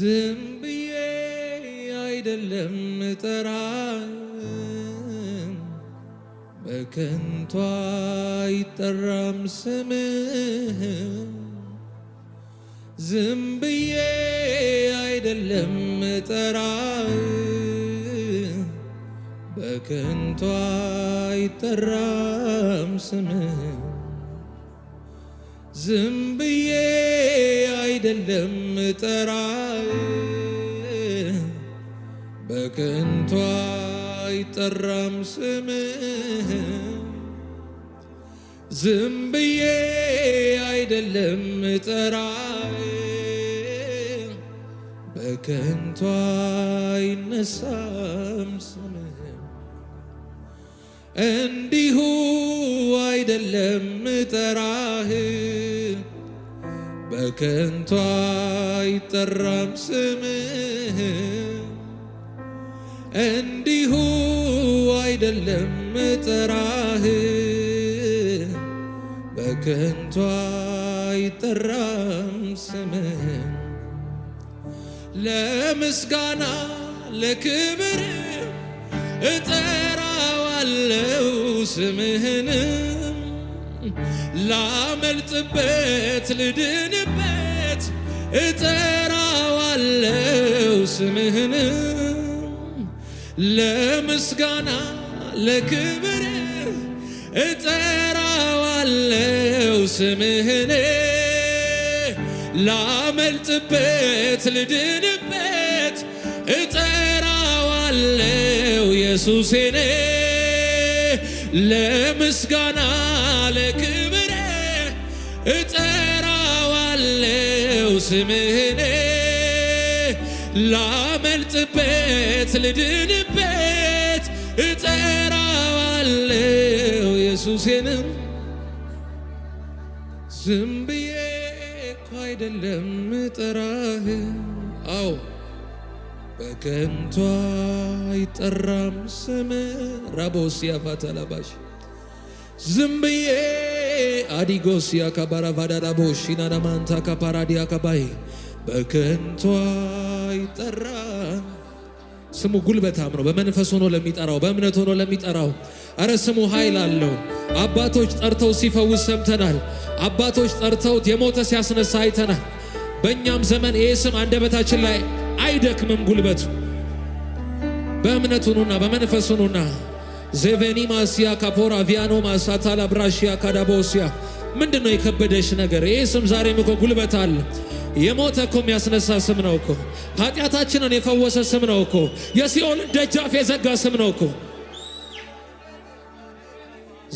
ዝም ብዬ አይደለም ምጠራ በከንቱ አይጠራም ስምህ ዝም ብዬ አይደለም ጠራህ በከንቱ አይጠራም ስምህ ዝም ብዬ አይደለም ጠራህ በከንቱ አይጠራም ስምህ ዝም ብዬ አይደለም ጠራ በከንቱ አይነሳም ስምህ እንዲሁ አይደለም ጠራህ በከንቱ አይጠራም ስምህ እንዲሁ አይደለም ጠራህ በከንቱ አይጠራም ስምህ ለምስጋና ለክብር እጠራዋለው ስምህንም ላመልጥበት ልድንበት እጠራዋለው ስምህንም ለምስጋና ለክብር እጠራዋለው ስምህን ላመልጥበት ልድንበት እጠራዋለው ኢየሱሴን ለምስጋና ለክብር እጠራዋለው ስምህን ልናወጥበት ልድንበት እጠራዋለው ኢየሱሴንም ዝም ብዬ እኮ አይደለም እጠራህ አዎ በከንቱ አይጠራም ስም ራቦስ ያፋተላባሽ ዝም ብዬ አዲጎስ ያካባራቫዳዳቦሽ ናዳማንታ ካፓራዲያ ካባይ በከንቷ ሳይጠራ ስሙ ጉልበታም ነው። በመንፈስ ሆኖ ለሚጠራው በእምነት ሆኖ ለሚጠራው እረ ስሙ ኃይል አለው። አባቶች ጠርተው ሲፈውስ ሰምተናል። አባቶች ጠርተው የሞተ ሲያስነሳ አይተናል። በእኛም ዘመን ይህ ስም አንደበታችን ላይ አይደክምም ጉልበቱ። በእምነት ሁኑና በመንፈስ ሁኑና ዜቬኒ ማስያ ካፖራ ቪያኖ ማሳታላ ብራሽያ ካዳቦሲያ ምንድን ነው የከበደሽ ነገር? ይህ ስም ዛሬም እኮ ጉልበት አለ። የሞተ እኮ የሚያስነሳ ስም ነው እኮ። ኃጢአታችንን የፈወሰ ስም ነው እኮ። የሲኦልን ደጃፍ የዘጋ ስም ነው እኮ።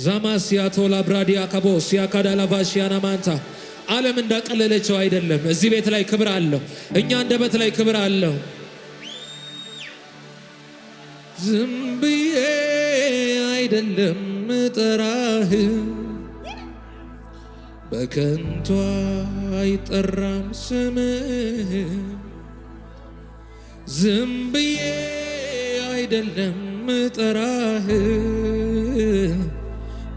ዛማ ሲያቶላ ብራዲያ ሲያካዳ ላቫሽያና ማንታ ዓለም እንዳቀለለችው አይደለም። እዚህ ቤት ላይ ክብር አለው። እኛ አንደበት ላይ ክብር አለው። ዝምብዬ አይደለም ጠራህ በከንቱ አይጠራም ስምህ ዝም ብዬ አይደለም ምጠራህ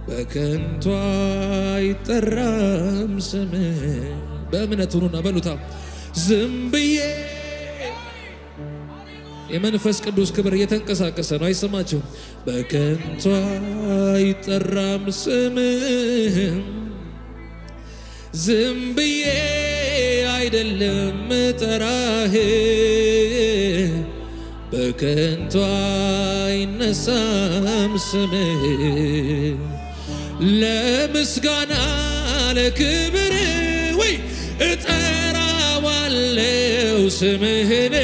በከንቱ አይጠራም ስምህ በእምነት ሁኑና በሉታ ዝም ብዬ የመንፈስ ቅዱስ ክብር እየተንቀሳቀሰ ነው። አይሰማችሁም? በከንቱ አይጠራም ስምህ ዝም ብዬ አይደለም ጠራህ በከንቱ አይነሳም ስምህ ለምስጋና ለክብር ወይ እጠራዋለው ስምህን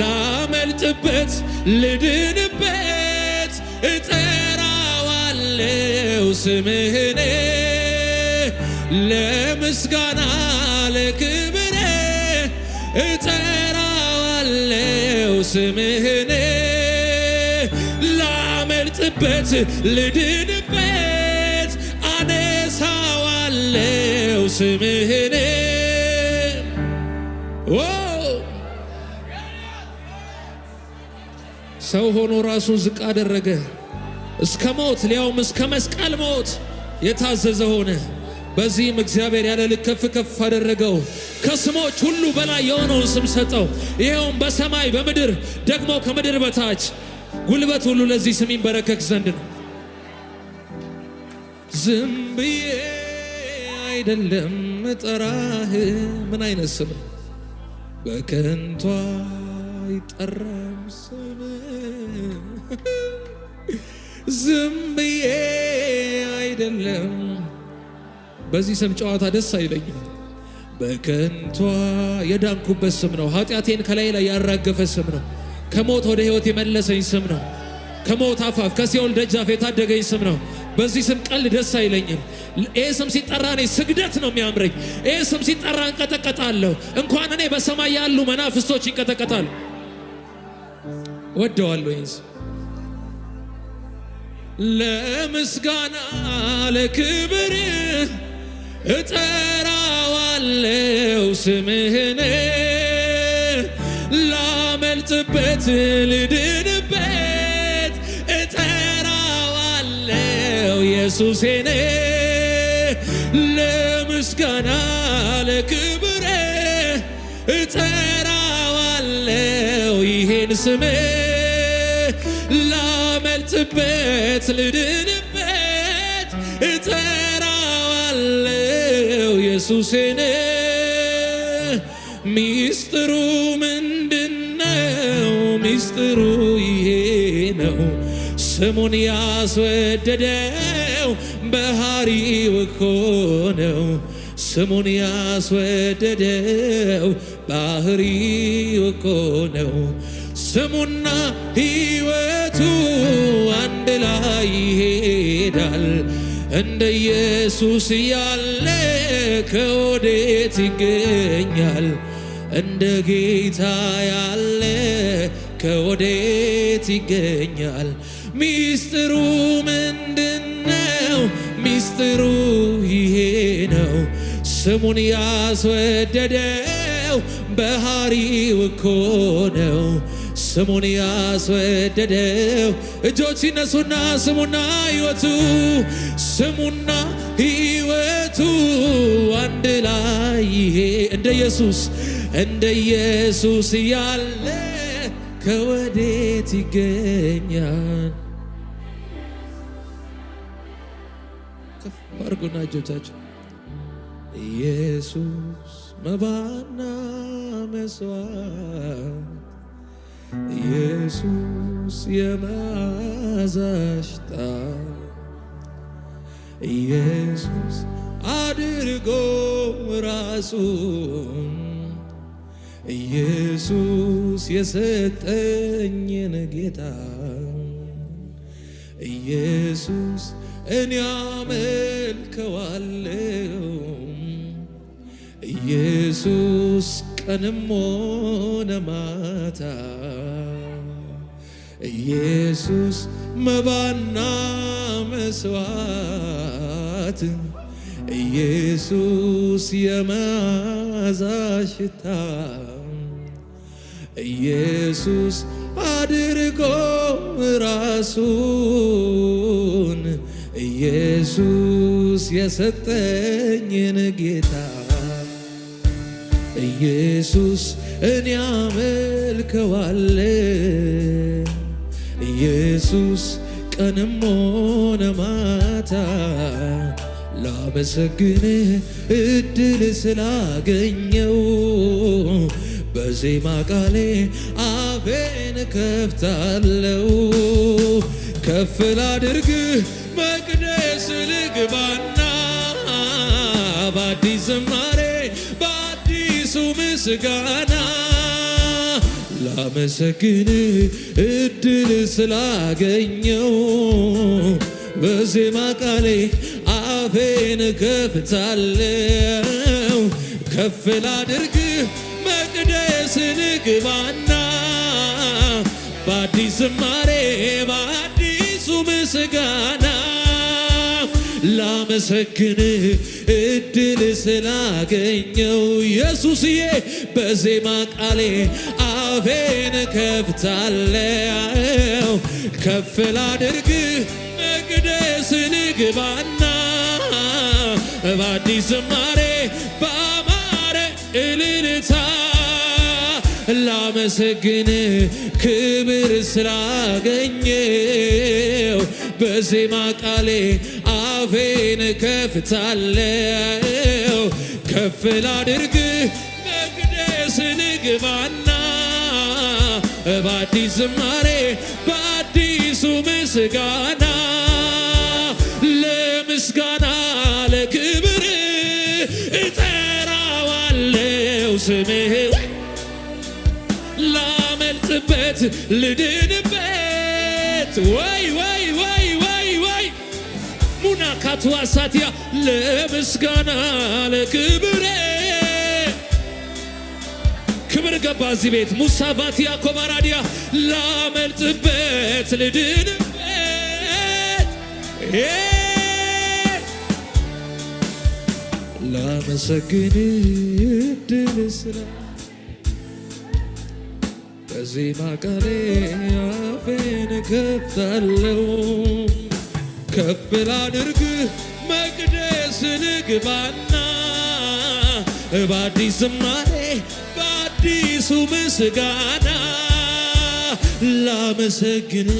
ላመልጥበት ልድንበት እጠራዋለው ስምህን ለምስጋና ለክብር እጠራዋለው ስምህን ላመልጥበት ልድንበት አነሳዋለው ስምህን ሰው ሆኖ ራሱን ዝቅ አደረገ። እስከ ሞት ሊያውም እስከ መስቀል ሞት የታዘዘ ሆነ። በዚህም እግዚአብሔር ያለ ልክ ከፍ ከፍ አደረገው፣ ከስሞች ሁሉ በላይ የሆነውን ስም ሰጠው። ይኸውም በሰማይ በምድር ደግሞ ከምድር በታች ጉልበት ሁሉ ለዚህ ስም ይንበረከክ ዘንድ ነው። ዝም ብዬ አይደለም ጠራህ። ምን አይነት ስም በከንቱ አይጠራም ስም ዝም ብዬ አይደለም በዚህ ስም ጨዋታ ደስ አይለኝም። በከንቷ የዳንኩበት ስም ነው። ኃጢአቴን ከላይ ላይ ያራገፈ ስም ነው። ከሞት ወደ ሕይወት የመለሰኝ ስም ነው። ከሞት አፋፍ ከሲኦል ደጃፍ የታደገኝ ስም ነው። በዚህ ስም ቀልድ ደስ አይለኝም። ይህ ስም ሲጠራ እኔ ስግደት ነው የሚያምረኝ። ይህ ስም ሲጠራ እንቀጠቀጣለሁ። እንኳን እኔ በሰማይ ያሉ መናፍስቶች ይንቀጠቀጣሉ። ወደዋለሁ ይህን ስም ለምስጋና ለክብርህ እጠራዋለው ስምህን ላመልጥበት ልድንበት እጠራዋለው ኢየሱሴን ለምስጋና ለክብር እጠራዋለው ይሄን ስም ላመልጥበት ልድን ኢየሱስን ሚስጥሩ ምንድነው? ሚስጥሩ ይሄ ነው። ስሙን ያስወደደው ባህሪው እኮ ነው። ስሙን ያስወደደው ባህሪው እኮ ነው። ስሙና ሕይወቱ አንድ ላይ ይሄዳል። እንደ ኢየሱስ ያለ ከወዴት ይገኛል? እንደ ጌታ ያለ ከወዴት ይገኛል? ሚስጥሩ ምንድነው? ሚስጥሩ ይሄ ነው። ስሙን ያስወደደው በሃሪው እኮ ነው። ስሙን ያስወደደው እጆች ሲነሱና ስሙና ህይወቱ ስሙና ህይወቱ አንድ ላይ ይሄ እንደ ኢየሱስ እንደ ኢየሱስ ያለ ከወዴት ይገኛል? ከፍ አድርጉና እጆቻቸው ኢየሱስ መባና መስዋዕት ኢየሱስ የመዓዛሽ ጣዕም ኢየሱስ አድርጎ ራሱን ኢየሱስ የሰጠኝን ጌታ ኢየሱስ እኔ አመልከዋለሁ ኢየሱስ ኢየሱስ ቀንም ሆነ ማታ ኢየሱስ መባና መስዋዕት ኢየሱስ የመዓዛ ሽታ ኢየሱስ አድርጎ ራሱን ኢየሱስ የሰጠኝን ጌታ ኢየሱስ እኔ አመልከዋለሁ ኢየሱስ ቀንም ሆነ ማታ ላመሰግንህ እድል ስላገኘው በዜማ ቃሌ አፌን ከፍታለው ከፍ ላድርግህ መቅደስ ልግባና በአዲስ ዝማሬ ምስጋና ላመሰግን እድል ስላገኘው በዜማ ቃሌ አፌን ከፍታለው ከፍ ላድርግ መቅደስን ግባና በአዲስ ዝማሬ በአዲሱ ምስጋና ላመሰግንህ እድል ስላገኘው ኢየሱስዬ በዜማ ቃሌ አፌን ከፍታለሁ። ከፍ ላድርግ መቅደስ ንግባና በአዲስ ዝማሬ በአማረ እልልታ ላመሰግን ክብር ስላገኘው በዜማ ቃሌ አፌን ከፍታለው ከፍ ላድርግ መቅደስ ንግባና በአዲስ ዝማሬ በአዲሱ ምስጋና ለምስጋና ለክብር እጠራዋለው ስምህ ላመልጥበት ልድንበት ወይ ወይ ወይ ሉና ካትዋሳትያ ለምስጋና ለክብሬ ክብር ገባ እዚህ ቤት ሙሳቫትያ ኮባራዲያ ላመልጥበት ልድንበት ላመሰግን ድል ስራ በዚህ ማቃሌ አፌን ከፍታለው ከፍ ላድርግ መቅደስ ልግባና በአዲስ ዝማሬ በአዲሱ ምስጋና ላመሰግን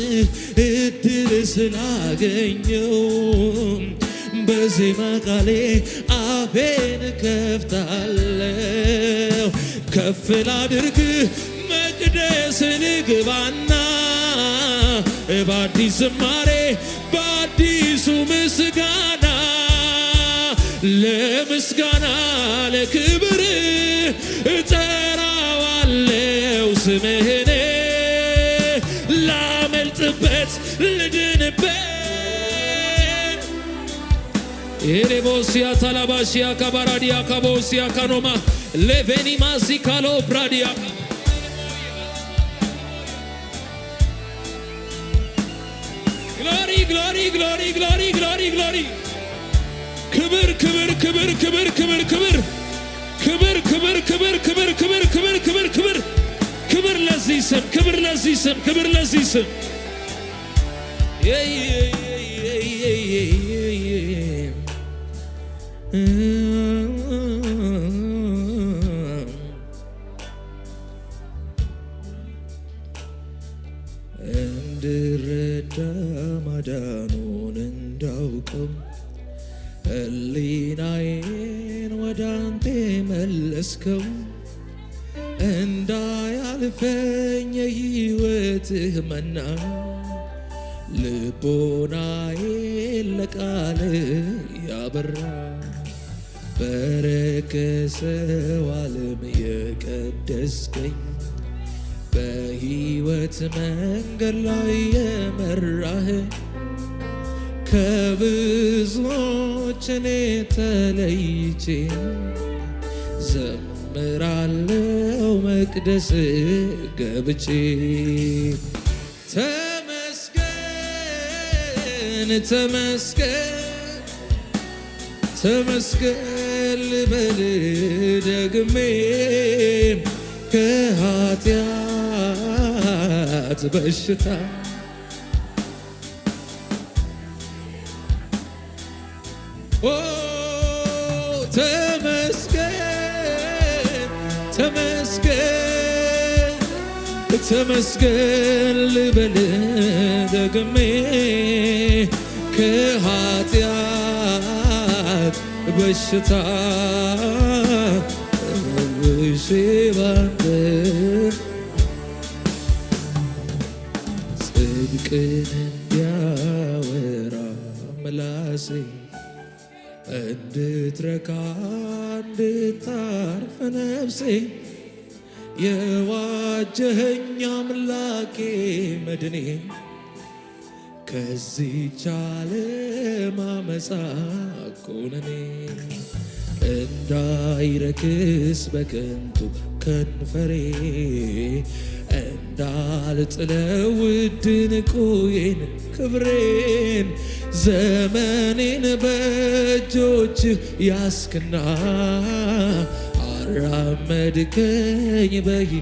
እድል ስላገኘው በዜማ ቃሌ አፌን ከፍታለሁ ከፍ ላድርግ መቅደስ ልግባና በአዲስ ዝማሬ በአዲሱ ምስጋና ለምስጋና ለክብር እጠራዋለው ስምህን ላመልጥበት ልድንበት ኤሬቦሲያ ታላባሲያ ካባራዲያ ካቦሲያ ካኖማ ሌቬኒማሲ ብራዲያ ግሎሪ ግሎሪ ግሎሪ ግሎሪ ክብር ክብር ክብር ክብር ክብር ክብር ክብር ክብር ክብር ክብር ክብር ክብር ክብር ክብር ክብር ለዚህ ስም ክብር ለዚህ ስም ክብር ለዚህ ስም የ ማዳኑን እንዳውቀው ሕሊናዬን ወደ አንተ መለስከው እንዳያልፈኝ የሕይወትህ መና ልቦናዬን ለቃል ያበራ በረከሰው ዓለም የቀደስከኝ በሕይወት መንገድ ላይ የመራህ ከብዙዎች እኔ ተለይቼ ዘምራለው መቅደስ ገብቼ ተመስገን ተመስገን ተመስገን ልበል ደግሜ ከኃጢያ የኃጢአት በሽታ ተመስገን ተመስገን ተመስገን ልበል ደግሜ ከኃጢአት በሽታ ጽድቅን እንዲያወራ ምላሴ እንድትረካ እንድታርፍ ነፍሴ የዋጀኸኝ አምላኬ መድኔ ከዚህ ቻለ ማመፃ ኮነኔ እንዳይረክስ በከንቱ ከንፈሬ እንዳልጥለው ውድ ክብሬን ዘመኔን በእጆች ያስክና አራመድከኝ በይ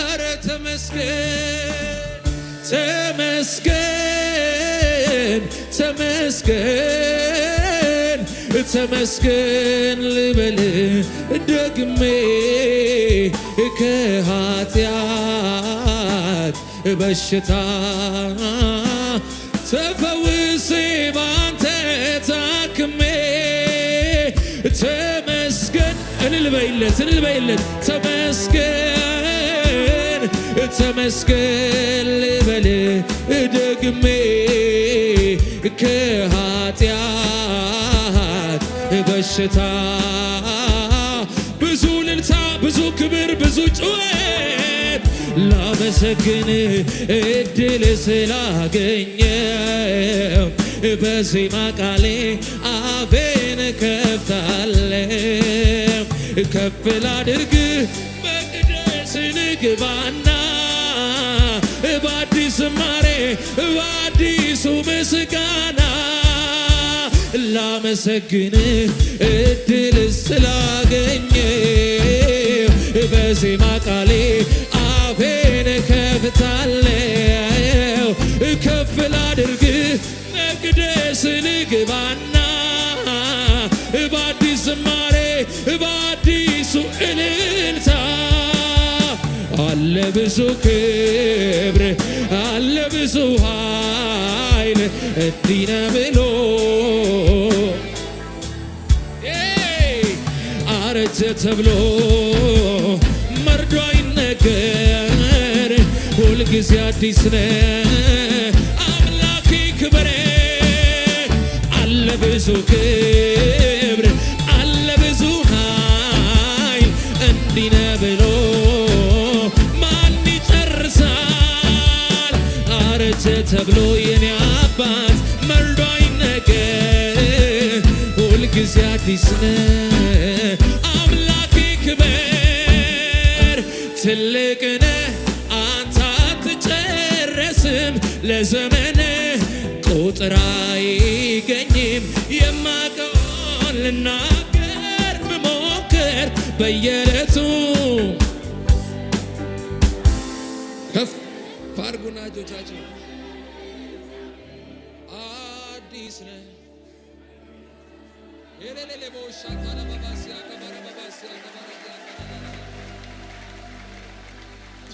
አረ ተመስገን ተመስገን ተመስገን ተመስገን ልበል ደግሜ ከኃጢያ በሽታ ተፈውሴ ባንተ ታክሜ ተመስገን እንልበይለት እንልበይለት ተመስገን ተመስገን ልበል ደግሜ ከኃጢአት በሽታ ብዙ ልልታ ብዙ ክብር ብዙ ጩኸት ላመሰግን እድል ስላገኘ በዜማ ቃሌ አፌን ከፍታለሁ። ከፍ ላድርግ መቅደስ ንግባና በአዲስ ዝማሬ በአዲሱ ምስጋና ላመሰግን እድል ስላገኘው በዜማ እመታለው ከፍ ላድርግ መቅደስ ልግባና በአዲስ ዝማሬ በአዲሱ እልልታ አለ ብዙ ክብር አለ ብዙ ኃይል እንዲነ ብሎ አረጀ ተብሎ መርዶ አይነገር ሁልጊዜ አዲስ ነ አምላኬ ክብሬ አለ ብዙ ክብር አለ ብዙ ኃይል እንዲነ ብሎ ማን ይጨርሳል አረጀ ተብሎ የኔ አባት መርዶ አይነገር ሁልጊዜ አዲስ ነህ አምላኬ ክብር ትልቅ ነህ ስም ለዘመን ቁጥር አይገኝም። የማቀውን ልናገር ብሞክር በየዕለቱ ከፍ አድርጉና እጆቻችን አዲስ ነ ሌሌሌ በውሻ ባባሲያ ባባሲያ